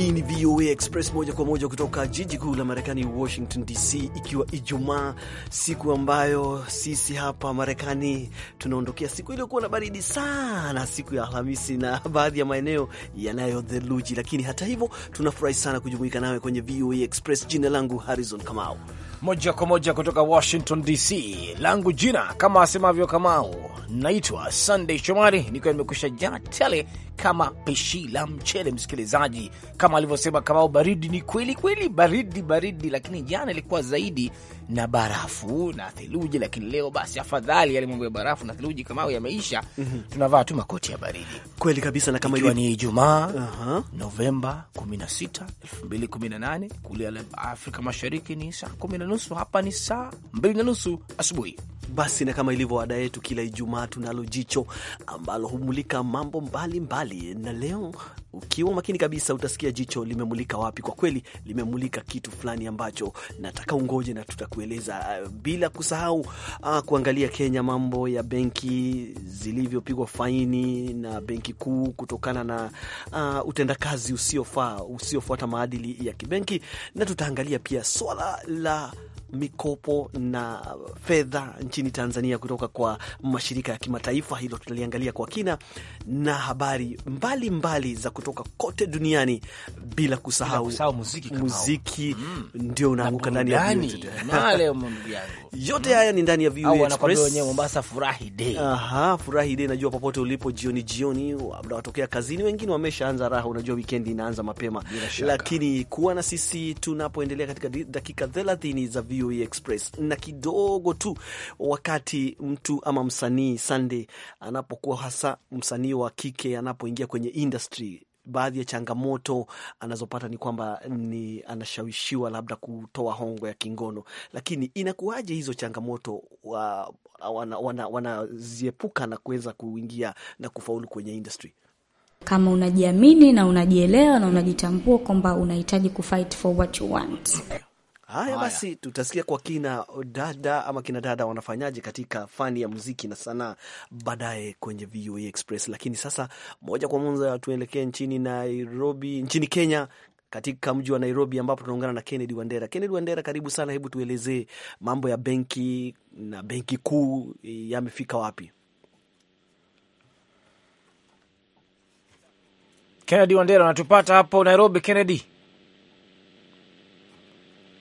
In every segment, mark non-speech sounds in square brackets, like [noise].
Hii ni VOA Express moja kwa moja kutoka jiji kuu la Marekani, Washington DC, ikiwa Ijumaa, siku ambayo sisi hapa Marekani tunaondokea siku iliyokuwa na baridi sana, siku ya Alhamisi na baadhi ya maeneo yanayotheluji Lakini hata hivyo tunafurahi sana kujumuika nawe kwenye VOA Express. Jina langu Harrison Kamau, moja kwa moja kutoka Washington DC. Langu jina kama asemavyo Kamau, naitwa Sunday Shomari, nikiwa nimekusha jana tele kama pishi la mchele, msikilizaji. Kama alivyosema Kamau, baridi ni kweli kweli, baridi baridi, lakini jana ilikuwa zaidi na barafu na theluji, lakini leo basi afadhali yale mambo ya barafu na theluji kama au yameisha. mm -hmm. Tunavaa tu makoti ya baridi. Kweli kabisa, na kama ikiwa ni Ijumaa uh -huh. Novemba 16, 2018 kule Afrika Mashariki ni saa kumi na nusu, hapa ni saa mbili na nusu asubuhi. Basi na kama ilivyo ada yetu kila Ijumaa tunalo jicho ambalo humulika mambo mbalimbali mbali. Na leo ukiwa makini kabisa utasikia jicho limemulika wapi. Kwa kweli limemulika kitu fulani ambacho nataka ungoje na tutaku kueleza, uh, bila kusahau uh, kuangalia Kenya, mambo ya benki zilivyopigwa faini na benki kuu kutokana na uh, utendakazi usiofaa usiofuata maadili ya kibenki, na tutaangalia pia swala la mikopo na fedha nchini Tanzania kutoka kwa mashirika ya kimataifa. Hilo tunaliangalia kwa kina na habari mbalimbali mbali za kutoka kote duniani, bila kusahau, kusahau muziki, muziki mm, ndio unaanguka ndani ya [laughs] yote haya ni ndani ya Mombasa. Furahi day, aha, furahi day. Najua popote ulipo, jioni jioni, labda watokea kazini, wengine wameshaanza raha. Unajua wikendi inaanza mapema, lakini kuwa na sisi tunapoendelea katika dakika 30 za view VOA Express. Na kidogo tu, wakati mtu ama msanii Sunday anapokuwa hasa msanii wa kike anapoingia kwenye industry baadhi ya changamoto anazopata ni kwamba ni anashawishiwa labda kutoa hongo ya kingono. Lakini inakuwaje hizo changamoto wanaziepuka wana, wana na kuweza kuingia na kufaulu kwenye industry? Kama unajiamini na unajielewa na unajitambua kwamba unahitaji kufight for what you want Haya basi, tutasikia kwa kina dada ama kina dada wanafanyaje katika fani ya muziki na sanaa baadaye kwenye VOA Express, lakini sasa moja kwa moja tuelekee nchini Nairobi, nchini Kenya, katika mji wa Nairobi ambapo tunaungana na Kennedy Wandera. Kennedy Wandera, karibu sana. Hebu tuelezee mambo ya benki na benki kuu yamefika wapi? Kennedy Wandera, unatupata hapo Nairobi? Kennedy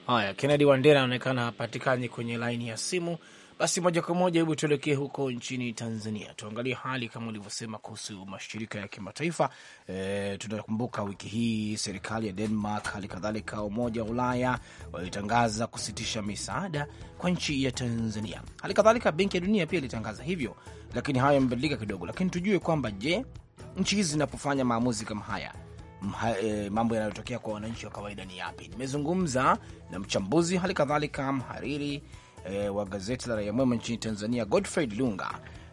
Haya, Kennedy Wandera anaonekana hapatikani kwenye laini ya simu. Basi moja kwa moja, hebu tuelekee huko nchini Tanzania, tuangalie hali kama ulivyosema kuhusu mashirika ya kimataifa. E, tunakumbuka wiki hii serikali ya Denmark, hali kadhalika Umoja wa Ulaya walitangaza kusitisha misaada kwa nchi ya Tanzania. Hali kadhalika Benki ya Dunia pia ilitangaza hivyo, lakini hayo yamebadilika kidogo. Lakini tujue kwamba je, nchi hizi zinapofanya maamuzi kama haya e, mambo yanayotokea kwa wananchi wa kawaida ni yapi. Nimezungumza na mchambuzi hali kadhalika mhariri e, wa gazeti la Raia Mwema nchini Tanzania, Godfrey Lunga,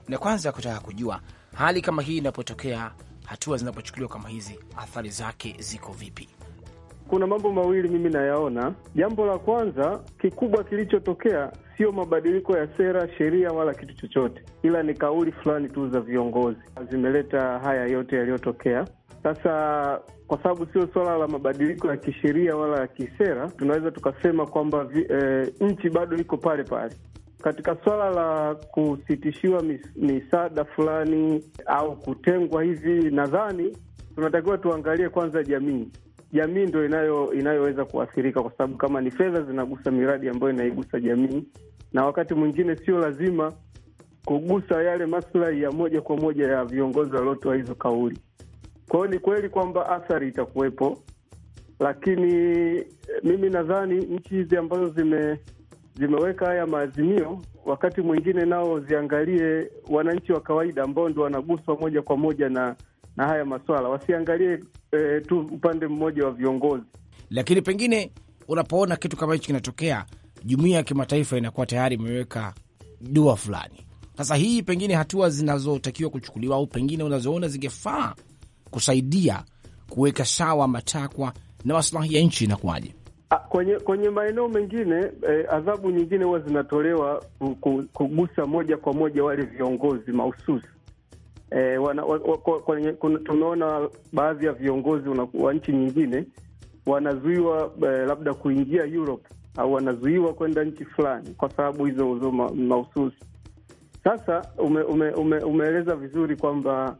na kwanza kutaka kujua hali kama hii inapotokea, hatua zinapochukuliwa kama hizi, athari zake ziko vipi? Kuna mambo mawili mimi nayaona. Jambo la kwanza kikubwa kilichotokea sio mabadiliko ya sera, sheria wala kitu chochote, ila ni kauli fulani tu za viongozi zimeleta haya yote yaliyotokea. Sasa kwa sababu sio suala la mabadiliko ya kisheria wala ya kisera, tunaweza tukasema kwamba e, nchi bado iko pale pale katika suala la kusitishiwa misaada fulani au kutengwa hivi. Nadhani tunatakiwa tuangalie kwanza jamii jamii ndo inayo inayoweza kuathirika kwa sababu kama ni fedha zinagusa miradi ambayo inaigusa jamii, na wakati mwingine sio lazima kugusa yale maslahi ya moja kwa moja ya viongozi waliotoa hizo kauli. Kwa hiyo ni kweli kwamba athari itakuwepo, lakini eh, mimi nadhani nchi hizi ambazo zime zimeweka haya maazimio, wakati mwingine nao ziangalie wananchi wa kawaida ambao ndio wanaguswa moja kwa moja na, na haya maswala, wasiangalie eh, tu upande mmoja wa viongozi. Lakini pengine unapoona kitu kama hichi kinatokea, jumuiya ya kimataifa inakuwa tayari imeweka dua fulani. Sasa hii pengine hatua zinazotakiwa kuchukuliwa au pengine unazoona zingefaa kusaidia kuweka sawa matakwa na maslahi ya nchi inakuwaje? Ah, kwenye kwenye maeneo mengine eh, adhabu nyingine huwa zinatolewa kugusa moja kwa moja wale viongozi mahususi eh, tumeona baadhi ya viongozi wa nchi nyingine wanazuiwa eh, labda kuingia Europe au wanazuiwa kwenda nchi fulani kwa sababu hizo hizo mahususi. Sasa ume, ume, ume, umeeleza vizuri kwamba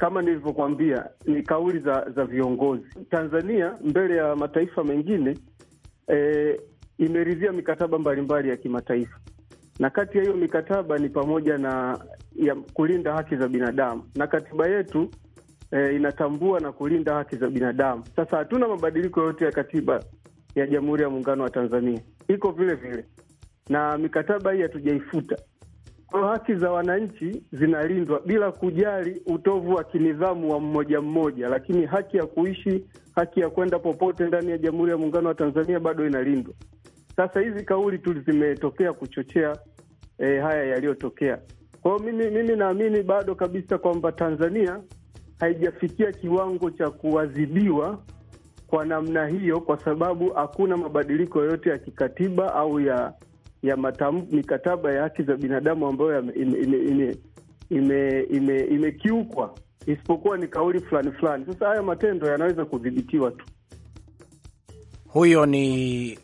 kama nilivyokuambia, ni kauli za za viongozi. Tanzania mbele ya mataifa mengine e, imeridhia mikataba mbalimbali ya kimataifa, na kati ya hiyo mikataba ni pamoja na ya kulinda haki za binadamu, na katiba yetu e, inatambua na kulinda haki za binadamu. Sasa hatuna mabadiliko yote ya katiba ya Jamhuri ya Muungano wa Tanzania, iko vile vile, na mikataba hii hatujaifuta kwao. haki za wananchi zinalindwa bila kujali utovu wa kinidhamu wa mmoja mmoja, lakini haki ya kuishi, haki ya kwenda popote ndani ya Jamhuri ya Muungano wa Tanzania bado inalindwa. Sasa hizi kauli tu zimetokea kuchochea eh, haya yaliyotokea. Kwa hiyo mimi, mimi naamini bado kabisa kwamba Tanzania haijafikia kiwango cha kuadhibiwa kwa namna hiyo, kwa sababu hakuna mabadiliko yoyote ya kikatiba au ya ya matam, mikataba ya haki za binadamu ambayo imekiukwa, isipokuwa ni kauli fulani fulani. Sasa haya matendo yanaweza kudhibitiwa tu. Huyo ni,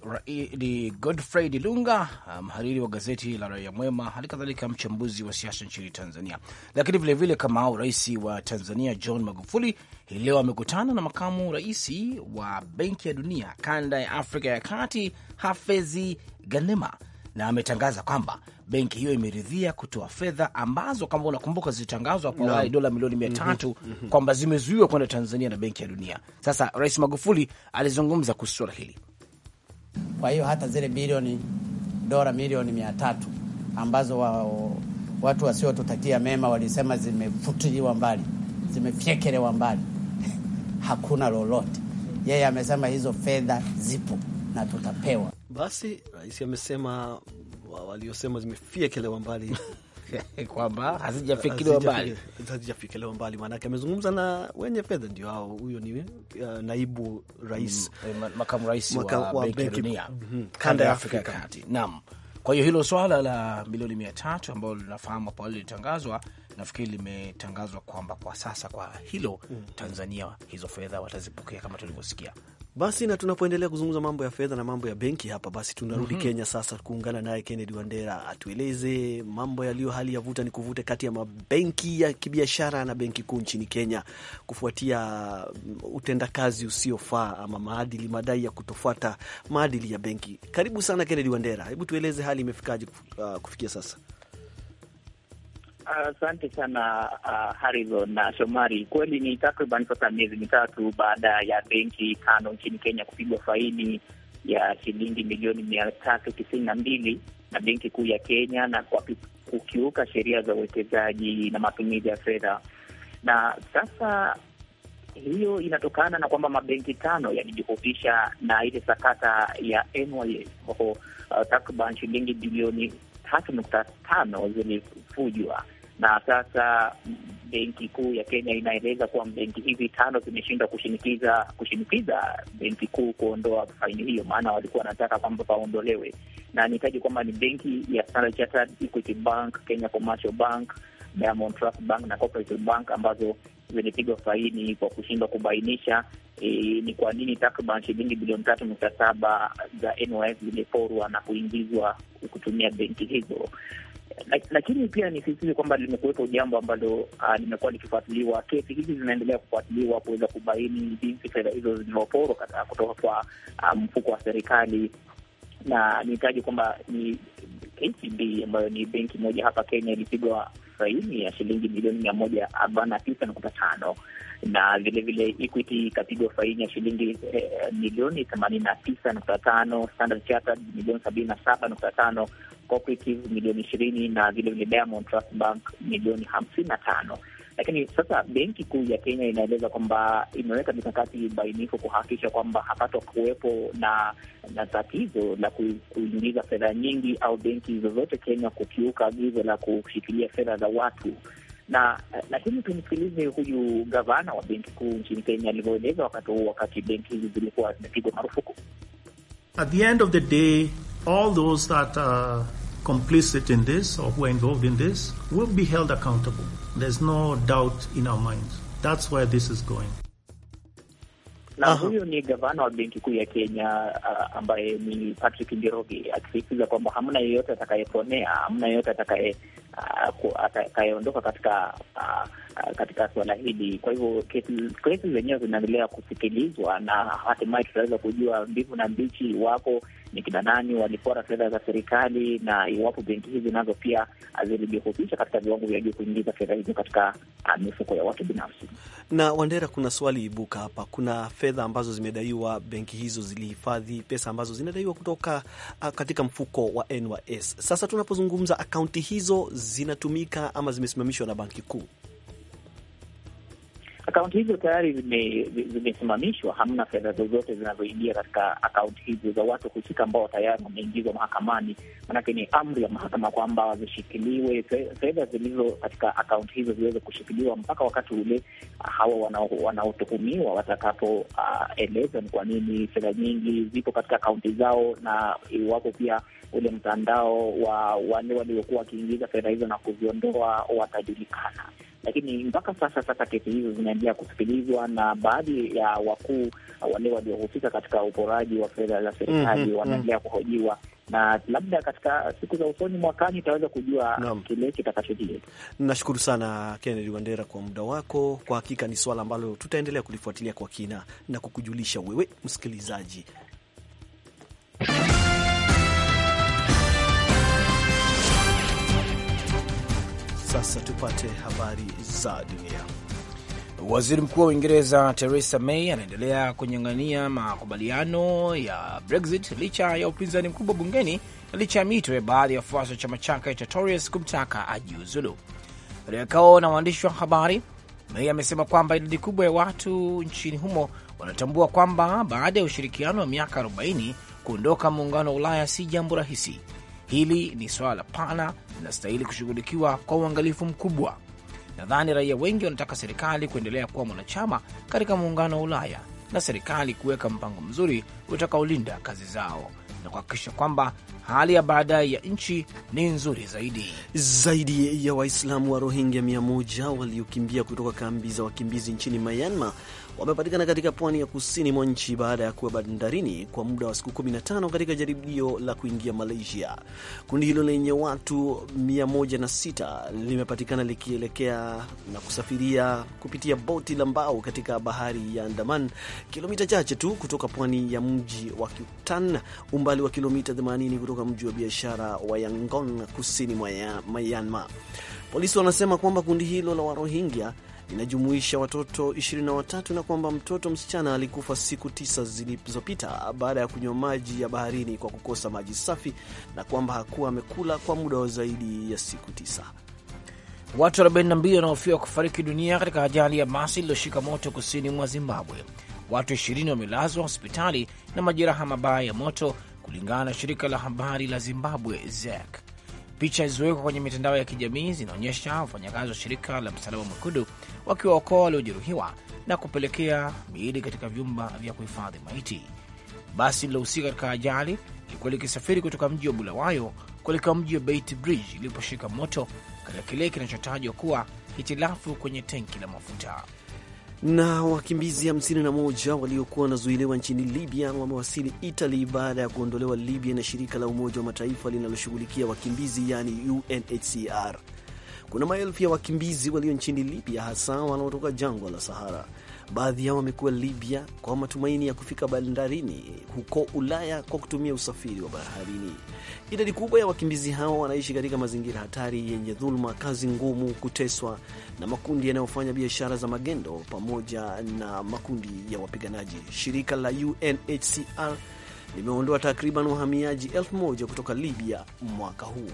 ni Godfrey Dilunga, ah, mhariri wa gazeti la Raia Mwema, hali kadhalika mchambuzi wa siasa nchini Tanzania. Lakini vilevile kama au rais wa Tanzania John Magufuli hii leo amekutana na makamu rais wa Benki ya Dunia kanda ya Afrika ya Kati Hafezi Ganema na ametangaza kwamba benki hiyo imeridhia kutoa fedha ambazo kama unakumbuka zilitangazwa hapo awali no. dola milioni mia mhm. tatu mm -hmm. kwamba zimezuiwa kwenda Tanzania na Benki ya Dunia. Sasa Rais Magufuli alizungumza kuhusu swala hili. Kwa hiyo hata zile bilioni dola milioni mia tatu ambazo wa, watu wasiotutakia mema walisema zimefutiliwa mbali, zimefyekelewa mbali [laughs] hakuna lolote. Yeye amesema hizo fedha zipo na tutapewa basi rais amesema waliosema zimefiekelewa mbali [laughs] kwamba hazijafikiliwa mbali, hazijafikiliwa mbali. Maanake amezungumza na wenye fedha, ndio hao. Huyo ni uh, naibu rais, mm, eh, makamu rais wa benki dunia mm-hmm. kanda ya Afrika Kati. Naam, kwa hiyo hilo swala la milioni mia tatu ambalo linafahamu hapo lilitangazwa nafikiri limetangazwa kwamba kwa sasa kwa hilo mm. Tanzania hizo fedha watazipokea kama tulivyosikia. Basi na tunapoendelea kuzungumza mambo ya fedha na mambo ya benki hapa, basi tunarudi mm -hmm. Kenya sasa, kuungana naye Kennedy Wandera atueleze mambo yaliyo hali ya vuta ni kuvute kati ya mabenki ya kibiashara na benki kuu nchini Kenya kufuatia mm, utendakazi usiofaa ama maadili, madai ya kutofuata maadili ya benki. Karibu sana Kennedy Wandera, hebu tueleze hali imefikaje uh, kufikia sasa? Asante uh, sana uh, Harrison na Shomari. Kweli ni takriban sasa miezi mitatu baada ya benki tano nchini Kenya kupigwa faini ya shilingi milioni mia tatu tisini na mbili na benki kuu ya Kenya na kwa kukiuka sheria za uwekezaji na matumizi ya fedha. Na sasa hiyo inatokana na kwamba mabenki tano yalijihusisha na ile sakata ya NYS uh, takriban shilingi bilioni tatu nukta tano zilifujwa na sasa benki kuu ya Kenya inaeleza kuwa benki hizi tano zimeshindwa kushinikiza kushinikiza benki kuu kuondoa faini hiyo, maana walikuwa wanataka kwamba paondolewe, na nitaji kwamba ni benki ya Standard Chartered, Equity Bank, Kenya Commercial Bank, Diamond Trust Bank na Cooperative Bank ambazo zimepigwa faini kwa kushindwa kubainisha e, ni kwa nini takriban shilingi bilioni tatu nukta saba za NYS zimeporwa na kuingizwa kutumia benki hizo lakini pia nisisitize kwamba limekuwepo jambo ambalo ah, limekuwa likifuatiliwa. Kesi hizi zinaendelea kufuatiliwa kuweza kubaini jinsi fedha hizo zilivyoporwa kutoka kwa ah, mfuko wa serikali na nitaje kwamba ni KCB ambayo ni benki moja hapa Kenya ilipigwa faini ya shilingi milioni mia moja arobaini na tisa nukta tano na vilevile Equity ikapigwa faini ya shilingi eh, milioni themanini na tisa nukta tano Standard Chartered milioni sabini na saba nukta tano Cooperative milioni ishirini na vilevile Diamond Trust Bank milioni hamsini na tano lakini sasa benki kuu ya Kenya inaeleza kwamba imeweka mikakati bainifu kuhakikisha kwamba hapato kuwepo na na tatizo la kuingiza fedha nyingi au benki zozote Kenya kukiuka agizo la kushikilia fedha za watu na lakini tumsikilize huyu gavana wa benki kuu nchini Kenya alivyoeleza wakati huu, wakati benki hizi zilikuwa zimepigwa marufuku. At the end of the day all those that are complicit in this or who are involved in this will be held accountable There's no doubt in our minds. That's where this is going. Na huyu ni gavana wa benki kuu ya Kenya uh, ambaye ni Patrick Njoroge akisisitiza kwamba hamna yeyote atakayeponea, hamna yeyote atakaye uh, atakayeondoka katika uh, katika suala hili. Kwa hivyo kesi zenyewe zinaendelea kusikilizwa na hatimaye tutaweza kujua mbivu na mbichi, wapo ni kina nani walipora fedha za serikali, na iwapo benki hizi nazo pia zilijihusisha katika viwango vya juu kuingiza fedha hizo katika ah, mifuko ya watu binafsi. Na Wandera, kuna swali ibuka hapa, kuna fedha ambazo zimedaiwa, benki hizo zilihifadhi pesa ambazo zinadaiwa kutoka ah, katika mfuko wa NYS. Sasa tunapozungumza akaunti hizo zinatumika ama zimesimamishwa na banki kuu akaunti hizo tayari zimesimamishwa, hamna fedha zozote zinazoingia katika akaunti hizo za watu husika ambao tayari wameingizwa mahakamani. Maanake ni amri ya mahakama kwamba zishikiliwe, fedha zilizo katika akaunti hizo ziweze kushikiliwa mpaka wakati ule ah, hawa wanaotuhumiwa watakapoeleza ah, uh, ni kwa nini fedha nyingi zipo katika akaunti zao, na iwapo pia ule mtandao wa wale waliokuwa wakiingiza fedha hizo na kuziondoa watajulikana lakini mpaka sasa sasa kesi hizo zinaendelea kusikilizwa na baadhi ya wakuu uh, wale waliohusika katika uporaji wa fedha za serikali mm -hmm, wanaendelea mhm. kuhojiwa na labda katika siku za usoni mwakani utaweza kujua no. kile kitakachojiri. Nashukuru sana Kennedy Wandera kwa muda wako. Kwa hakika ni swala ambalo tutaendelea kulifuatilia kwa kina na kukujulisha wewe msikilizaji Sasa tupate habari za dunia. Waziri Mkuu wa Uingereza Theresa May anaendelea kunyang'ania makubaliano ya Brexit licha ya upinzani mkubwa bungeni na licha ya mito ya baadhi ya wafuasi wa chama chake cha Tories kumtaka ajiuzulu. Katika kikao na waandishi wa habari, May amesema kwamba idadi kubwa ya watu nchini humo wanatambua kwamba baada ya ushirikiano wa miaka 40 kuondoka muungano wa Ulaya si jambo rahisi. Hili ni swala pana linastahili kushughulikiwa kwa uangalifu mkubwa. Nadhani raia wengi wanataka serikali kuendelea kuwa mwanachama katika muungano wa Ulaya na serikali kuweka mpango mzuri utakaolinda kazi zao na kuhakikisha kwamba hali ya baadaye ya nchi ni nzuri zaidi. Zaidi ya Waislamu wa Rohingya mia moja waliokimbia kutoka kambi za wakimbizi nchini Myanmar wamepatikana katika pwani ya kusini mwa nchi baada ya kuwa bandarini kwa muda wa siku 15 katika jaribio la kuingia Malaysia. Kundi hilo lenye watu 106 limepatikana likielekea na kusafiria kupitia boti la mbao katika bahari ya Andaman, kilomita chache tu kutoka pwani ya mji wa Kutan, umbali wa kilomita 80 kutoka mji wa biashara wa Yangon kusini mwa Myanmar. Polisi wanasema kwamba kundi hilo la Warohingya linajumuisha watoto 23 na kwamba mtoto msichana alikufa siku tisa zilizopita baada ya kunywa maji ya baharini kwa kukosa maji safi na kwamba hakuwa amekula kwa muda wa zaidi ya siku tisa. Watu 42 wanaofiwa kufariki dunia katika ajali ya basi lililoshika moto kusini mwa Zimbabwe. Watu 20 wamelazwa hospitali na majeraha mabaya ya moto, kulingana na shirika la habari la Zimbabwe ZEK. Picha zilizowekwa kwenye mitandao ya kijamii zinaonyesha wafanyakazi wa shirika la Msalaba Mwekundu wakiwaokoa waliojeruhiwa na kupelekea miili katika vyumba vya kuhifadhi maiti. Basi lilohusika katika ajali lilikuwa likisafiri kutoka mji wa Bulawayo kuelekea mji wa Beit Bridge iliposhika moto katika kile kinachotajwa kuwa hitilafu kwenye tenki la mafuta. Na wakimbizi 51 waliokuwa wanazuiliwa nchini Libya wamewasili Italy baada ya kuondolewa Libya na shirika la Umoja wa Mataifa linaloshughulikia wakimbizi yani UNHCR. Kuna maelfu ya wakimbizi walio nchini Libya, hasa wanaotoka jangwa la Sahara. Baadhi yao wamekuwa Libya kwa matumaini ya kufika bandarini huko Ulaya kwa kutumia usafiri wa baharini. Idadi kubwa ya wakimbizi hao wanaishi katika mazingira hatari yenye dhuluma, kazi ngumu, kuteswa na makundi yanayofanya biashara za magendo pamoja na makundi ya wapiganaji. Shirika la UNHCR limeondoa takriban wahamiaji elfu moja kutoka Libya mwaka huu.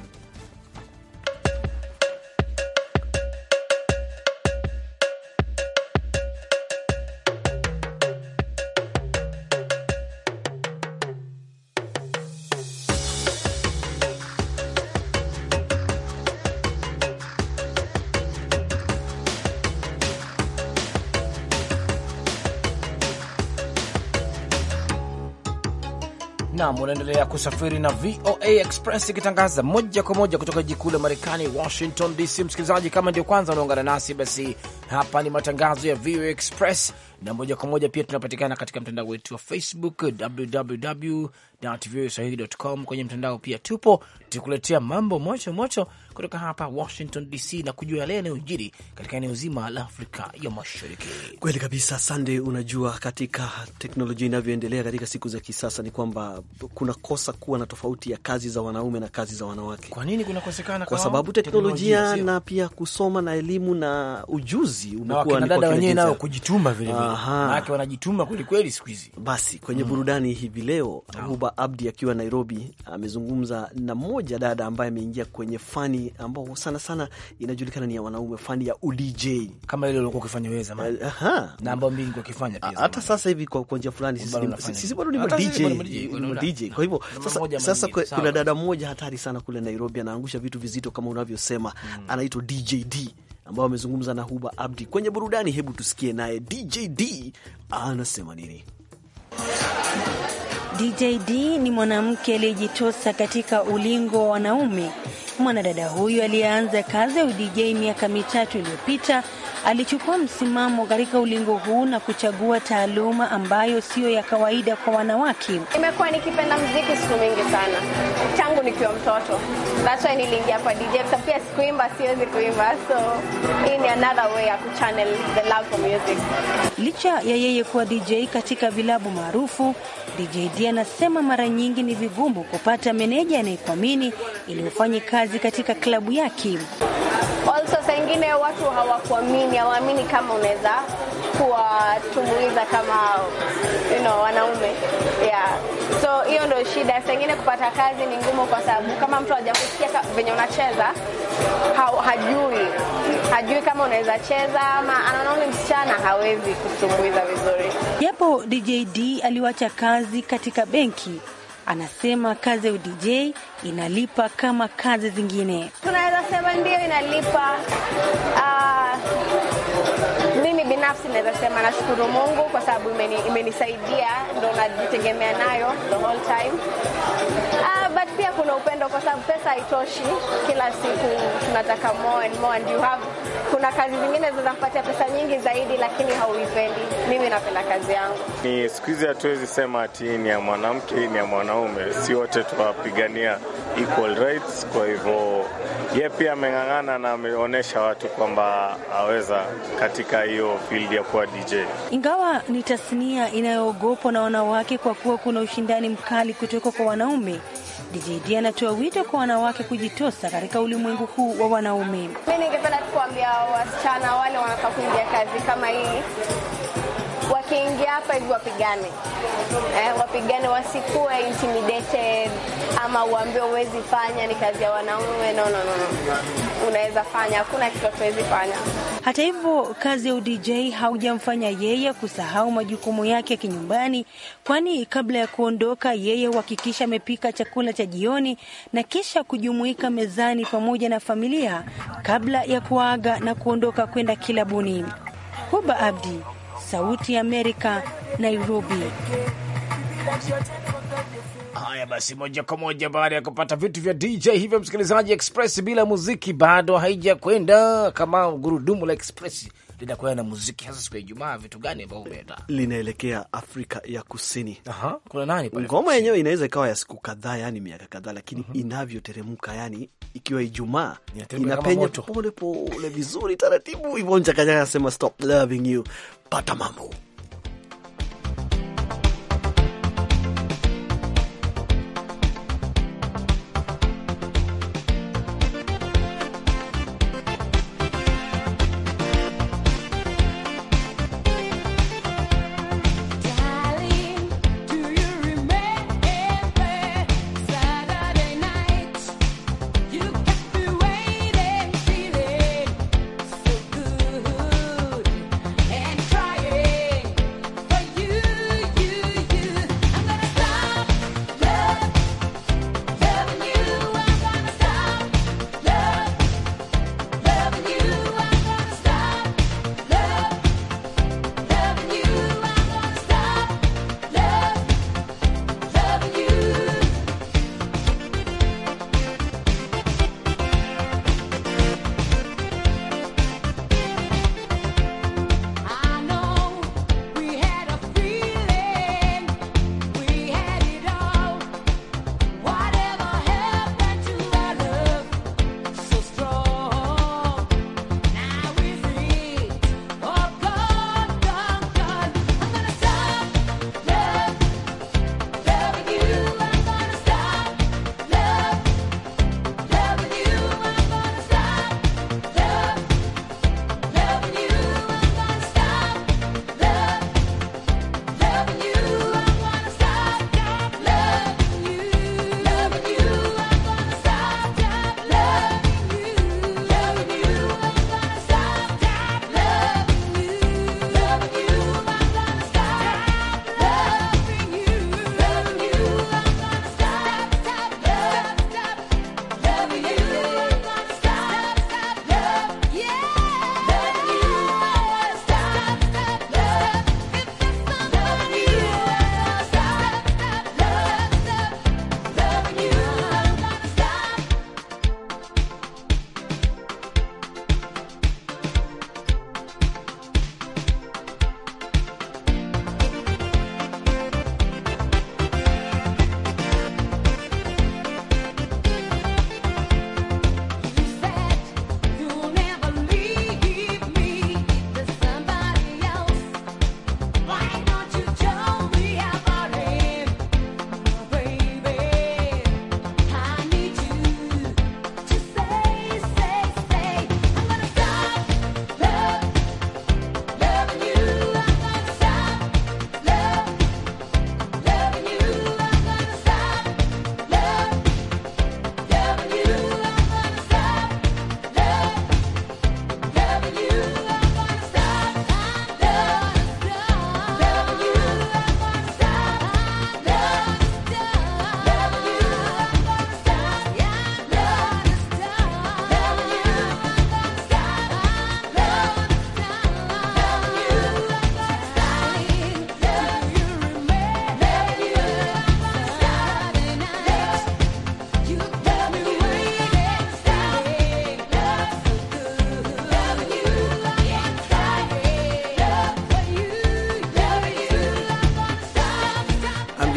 Nam, unaendelea kusafiri na VOA Express ikitangaza moja kwa moja kutoka jikuu la Marekani, Washington DC. Msikilizaji, kama ndio kwanza unaungana nasi, basi hapa ni matangazo ya VOA Express na moja kwa moja pia tunapatikana katika mtandao wetu wa Facebook www voa swahilicom. Kwenye mtandao pia tupo tukuletea mambo mocho mocho kutoka hapa Washington DC na kujua yale yanayojiri katika eneo zima la Afrika ya Mashariki. Kweli kabisa, Sande. Unajua, katika teknolojia inavyoendelea katika siku za kisasa ni kwamba kuna kosa kuwa na tofauti ya kazi za wanaume na kazi za wanawake. Kwa nini kunakosekana? Kwa sababu teknolojia, teknolojia na pia kusoma na elimu na ujuzi hizi umekuwa ni dada wenyewe nao kujituma vile vile, maana wanajituma kweli kweli siku hizi. Basi kwenye mm. burudani hivi leo no. Huba Abdi akiwa Nairobi amezungumza na mmoja dada ambaye ameingia kwenye fani ambao sana sana inajulikana ni ya wanaume, fani ya udj kama ile ulikuwa ukifanya wewe zamani eh, na ambao mimi nilikuwa kifanya pia hata sasa hivi kwa njia fulani sisi bado ni DJ DJ. Kwa hivyo sasa, sasa kuna dada mmoja hatari sana kule Nairobi anaangusha vitu vizito kama unavyosema, mm. anaitwa DJD ambao amezungumza na Huba Abdi. Kwenye burudani, hebu tusikie naye DJD anasema nini. DJD ni mwanamke aliyejitosa katika ulingo wa wanaume. Mwanadada huyu aliyeanza kazi ya udj miaka mitatu iliyopita Alichukua msimamo katika ulingo huu na kuchagua taaluma ambayo siyo ya kawaida kwa wanawake. Nimekuwa nikipenda mziki siku mingi sana tangu nikiwa mtoto, that's why niliingia kwa DJ. Pia sikuimba, siwezi kuimba, so hii ni another way ya kuchannel the love for music. Licha ya yeye kuwa DJ katika vilabu maarufu, DJ D anasema mara nyingi ni vigumu kupata meneja anayekuamini ili ufanye kazi katika klabu yake ambayo watu hawakuamini, hawaamini kama unaweza kuwatumbuiza kama you know, wanaume yeah. So hiyo ndio shida. sengine kupata kazi ni ngumu, kwa sababu kama mtu hajakusikia venye unacheza ha, hajui hajui kama unaweza cheza ama anaona msichana hawezi kutumbuiza vizuri. Japo DJD aliwacha kazi katika benki Anasema kazi ya udj inalipa kama kazi zingine. Tunaweza sema ndio inalipa. Uh, mimi binafsi naweza sema nashukuru Mungu kwa sababu imenisaidia, ndo najitegemea nayo the whole time uh, kuna upendo, kwa sababu pesa haitoshi. Kila siku tunataka more and more and you have, kuna kazi zingine zinampatia pesa nyingi zaidi, lakini hauipendi. Mimi napenda kazi yangu. Ni siku hizi hatuwezi sema ati ni ya mwanamke ni ya mwanaume, si wote tunapigania equal rights. Kwa hivyo ye pia ameng'ang'ana na ameonyesha watu kwamba aweza katika hiyo field ya kuwa DJ, ingawa ni tasnia inayoogopwa na wanawake kwa kuwa kuna ushindani mkali kutoka kwa wanaume. DJD anatoa wito kwa wanawake kujitosa katika ulimwengu huu wa wanaume. Mi ningependa tu kuambia wasichana wale wanataka kuingia kazi kama hii, wakiingia hapa hivi wapigane, eh, wapigane, wasikuwe intimidated ama uambie uwezi fanya, ni kazi ya wanaume. No, no, no, unaweza fanya, hakuna kitu hatuwezi fanya. Hata hivyo, kazi ya udj haujamfanya yeye kusahau majukumu yake kinyumbani, kwani kabla ya kuondoka yeye huhakikisha amepika chakula cha jioni na kisha kujumuika mezani pamoja na familia kabla ya kuaga na kuondoka kwenda kilabuni. Huba Abdi, Sauti ya Amerika, Nairobi. Haya basi, moja kwa moja baada ya kupata vitu vya DJ hivyo, msikilizaji, Express bila muziki bado haija kwenda, kama gurudumu la Express linakwenda na muziki. Hasa siku ya Ijumaa, vitu gani ambao umeenda? Linaelekea Afrika ya Kusini. Aha, kuna nani pale? Ngoma yenyewe inaweza ikawa ya siku kadhaa, yani miaka kadhaa, lakini uh mhm. -huh. inavyoteremka yani ikiwa Ijumaa inapenya polepole pole, vizuri taratibu. Ivonja Kanyaga anasema stop loving you, pata mambo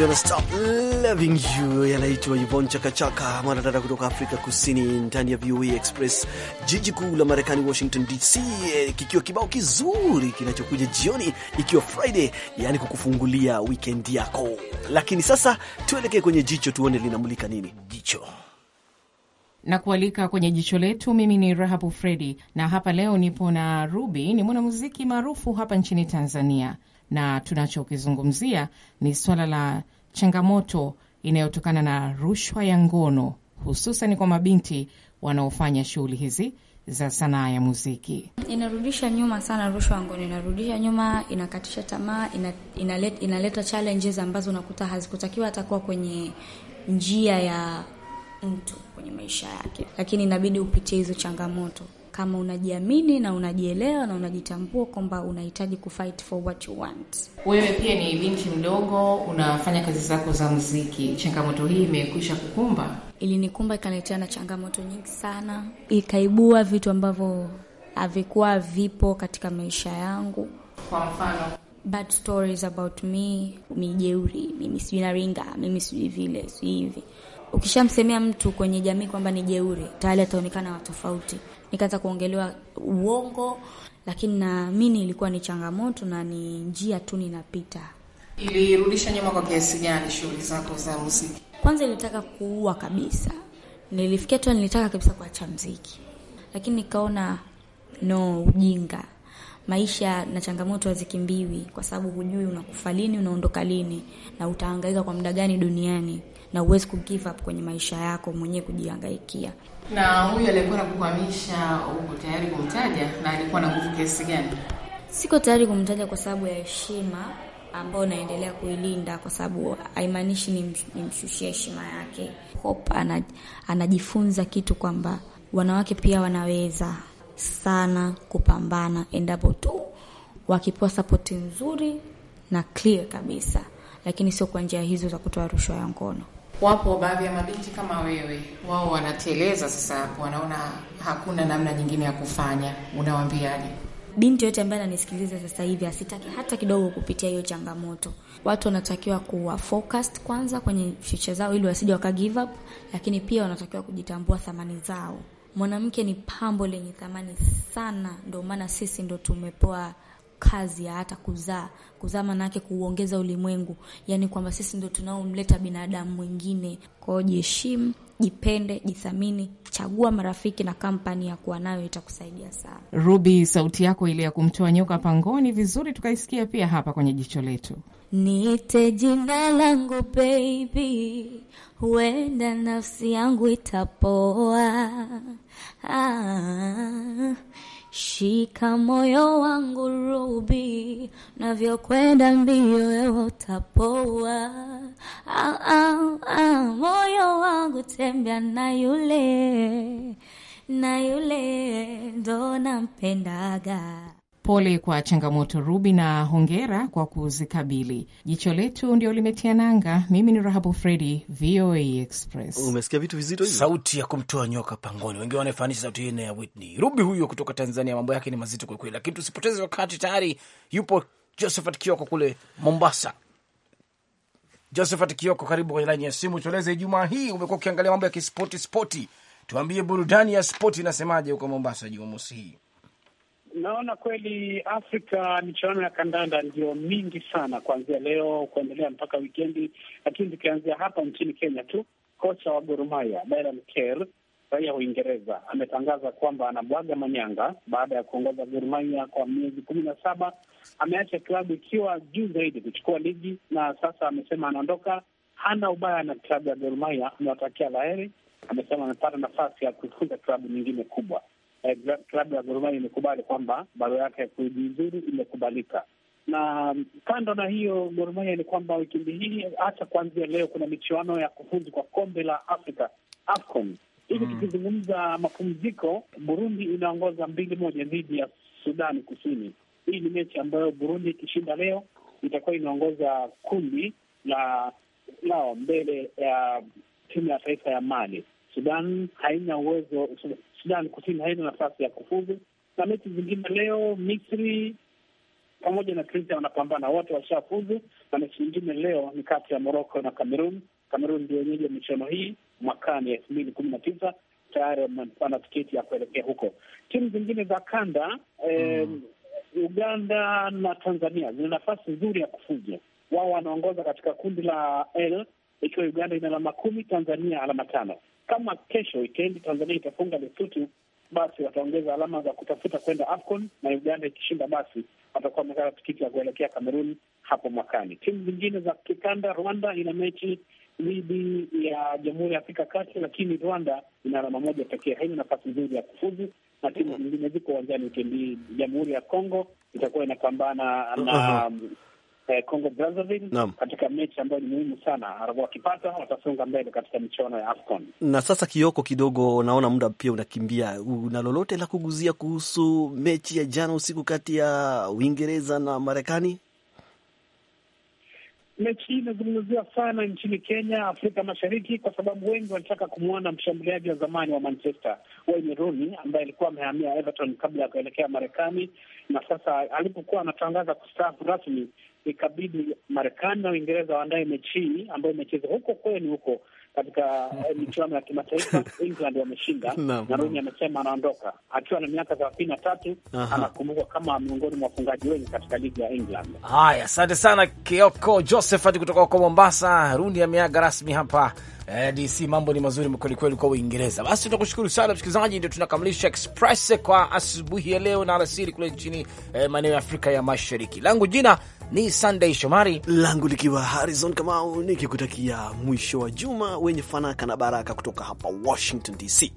gonna stop loving you yanaitwa Yvonne Chakachaka, mwanadada kutoka Afrika Kusini, ndani ya VOA e Express, jiji kuu la Marekani, Washington DC, eh, kikiwa kibao kizuri kinachokuja jioni, ikiwa Friday, yaani kukufungulia wikendi yako. Lakini sasa tuelekee kwenye jicho, tuone linamulika nini jicho na kualika kwenye jicho letu. Mimi ni Rahabu Fredi na hapa leo nipo na Ruby, ni mwanamuziki maarufu hapa nchini Tanzania, na tunachokizungumzia ni swala la changamoto inayotokana na rushwa ya ngono, hususan kwa mabinti wanaofanya shughuli hizi za sanaa ya muziki. Inarudisha nyuma sana, rushwa ya ngono inarudisha nyuma, inakatisha tamaa, inaleta inaleta challenges ambazo unakuta hazikutakiwa atakuwa kwenye njia ya mtu kwenye maisha yake, lakini inabidi upitie hizo changamoto kama unajiamini na unajielewa na unajitambua kwamba unahitaji kufight for what you want. Wewe pia ni binti mdogo, unafanya kazi zako za muziki, changamoto hii imekwisha kukumba? Ilinikumba, ikaletea na changamoto nyingi sana, ikaibua vitu ambavyo havikuwa vipo katika maisha yangu. Kwa mfano bad stories about me, mijeuri, mimi sijui naringa, mimi sijui vile, sijui hivi. Ukishamsemea mtu kwenye jamii kwamba ni jeuri, tayari ataonekana wa tofauti nikaanza kuongelewa uongo, lakini naamini ilikuwa ni changamoto na ni njia tu ninapita. Ilirudisha nyuma kwa kiasi gani shughuli zako za muziki? Kwanza ilitaka kuua kabisa, nilifikia tu nilitaka kabisa kuacha muziki, lakini nikaona no, ujinga maisha na changamoto hazikimbiwi, kwa sababu hujui unakufa lini, unaondoka lini, na utaangaika kwa muda gani duniani na huwezi ku give up kwenye maisha yako mwenyewe kujihangaikia. Na huyu aliyekuwa nakukwamisha, uko tayari kumtaja? Na alikuwa na nguvu kiasi gani? Siko tayari kumtaja kwa sababu ya heshima ambayo naendelea kuilinda, kwa sababu haimaanishi nimshushia heshima yake. Hope ana, anajifunza kitu kwamba wanawake pia wanaweza sana kupambana endapo tu wakipewa sapoti nzuri na clear kabisa, lakini sio kwa njia hizo za kutoa rushwa ya ngono. Wapo baadhi ya mabinti kama wewe, wao wanateleza. Sasa wanaona hakuna namna nyingine ya kufanya, unawaambiaje? Binti yote ambaye ananisikiliza sasa hivi asitaki hata kidogo kupitia hiyo changamoto. Watu wanatakiwa kuwa focused kwanza kwenye future zao, ili wasije waka give up, lakini pia wanatakiwa kujitambua thamani zao. Mwanamke ni pambo lenye thamani sana, ndio maana sisi ndo tumepewa kazi ya hata kuzaa. Kuzaa manake kuuongeza ulimwengu, yani kwamba sisi ndo tunaomleta binadamu mwingine. Kwao jiheshimu, jipende, jithamini, chagua marafiki na kampani ya kuwa nayo itakusaidia sana. Ruby, sauti yako ile ya kumtoa nyoka pangoni vizuri tukaisikia pia hapa kwenye jicho letu. Niite jina langu baby, huenda nafsi yangu itapoa ah. Shika moyo wangu Ruby, navyokwenda mbio wewe utapoa. Ah, ah, ah, moyo wangu tembea na yule na yule ndo nampendaga Pole kwa changamoto Rubi, na hongera kwa kuzikabili. Jicho letu ndio limetia nanga. Mimi ni Rahabu Fredi, VOA Express. Umesikia vitu vizito hivi, sauti ya kumtoa nyoka pangoni. Wengine wanaefanisha sauti hii ya Whitney Rubi, huyo kutoka Tanzania. Mambo yake ni mazito kwelikweli, lakini tusipoteze wakati, tayari yupo Josephat Kioko kule Mombasa. Josephat Kioko, karibu kwenye laini ya simu, tueleze Ijumaa hii umekuwa ukiangalia mambo ya kispoti spoti, tuambie burudani ya spoti inasemaje huko Mombasa Jumamosi hii? Naona kweli Afrika michuano ya kandanda ndio mingi sana kuanzia leo kuendelea mpaka wikendi, lakini tukianzia hapa nchini Kenya tu, kocha wa Gor Mahia Dylan Kerr, raia wa Uingereza, ametangaza kwamba anabwaga manyanga baada ya kuongoza Gor Mahia kwa miezi kumi na saba. Ameacha klabu ikiwa juu zaidi kuchukua ligi, na sasa amesema anaondoka. Hana ubaya na klabu ya Gor Mahia, amewatakia laheri. Amesema amepata nafasi ya kuifunza klabu nyingine kubwa eh, klabu ya Gor Mahia imekubali kwamba barua yake ya kujiuzuru imekubalika. Na mm, kando na hiyo, Gor Mahia ni kwamba wikendi hii, hata kuanzia leo, kuna michuano ya kufuzu kwa kombe la Afrika AFCON. Hivi mm. tukizungumza mapumziko, Burundi inaongoza mbili moja dhidi ya Sudani Kusini. Hii ni mechi ambayo Burundi ikishinda leo itakuwa inaongoza kundi la lao mbele ya timu ya taifa ya Mali. Sudan haina uwezo, Sudan Kusini haina nafasi ya kufuzu, na mechi zingine leo Misri pamoja na Tunisia wanapambana, wote washafuzu, na mechi nyingine leo ni kati ya Moroko na Kamerun. Kamerun ndio wenyeji wa michuano hii mwakani elfu mbili kumi na tisa tayari wana tiketi ya kuelekea huko. Timu zingine za kanda eh, mm. Uganda na Tanzania zina nafasi nzuri ya kufuzu. Wao wanaongoza katika kundi la L, ikiwa Uganda ina alama kumi, Tanzania alama tano kama kesho wikendi Tanzania itafunga Lesotho, basi wataongeza alama za kutafuta kwenda AFCON na Uganda ikishinda, basi watakuwa wamekata tikiti ya kuelekea Kamerun hapo mwakani. Timu zingine za kikanda, Rwanda ina mechi dhidi ya Jamhuri ya Afrika Kati, lakini Rwanda ina alama moja pekee, haina nafasi nzuri ya kufuzu na timu zingine ziko uwanjani wikendi. Jamhuri ya Kongo itakuwa inapambana na eh, Congo Brazzaville katika mechi ambayo ni muhimu sana. wakipata watasonga mbele katika michuano ya AFCON. Na sasa, Kioko, kidogo naona muda pia unakimbia, una lolote la kuguzia kuhusu mechi ya jana usiku kati ya Uingereza na Marekani? Mechi hii imezungumziwa sana nchini Kenya, Afrika Mashariki, kwa sababu wengi wanataka kumwona mshambuliaji wa zamani wa Manchester Wayne Rooney ambaye alikuwa amehamia Everton kabla ya kuelekea Marekani, na sasa alipokuwa anatangaza kustaafu rasmi ikabidi Marekani na Uingereza waandae mechi hii ambayo imecheza huko kweni huko katika eh, [laughs] michuano ya kimataifa. England wameshinda [laughs] na Rooney amesema anaondoka akiwa na miaka thelathini na tatu. Anakumbukwa kama miongoni mwa wafungaji wengi katika ligi ya England. Haya, asante sana Kioko Josephat kutoka huko Mombasa. Rooney ameaga rasmi hapa eh, DC. Mambo ni mazuri kwelikweli kwa Uingereza. Basi tunakushukuru sana msikilizaji, ndio tunakamilisha Express kwa asubuhi ya leo na alasiri kule nchini eh, maeneo ya Afrika ya Mashariki. Langu jina ni Sunday Shomari langu likiwa Harrison Kamau, nikikutakia mwisho wa juma wenye fanaka na baraka kutoka hapa Washington DC.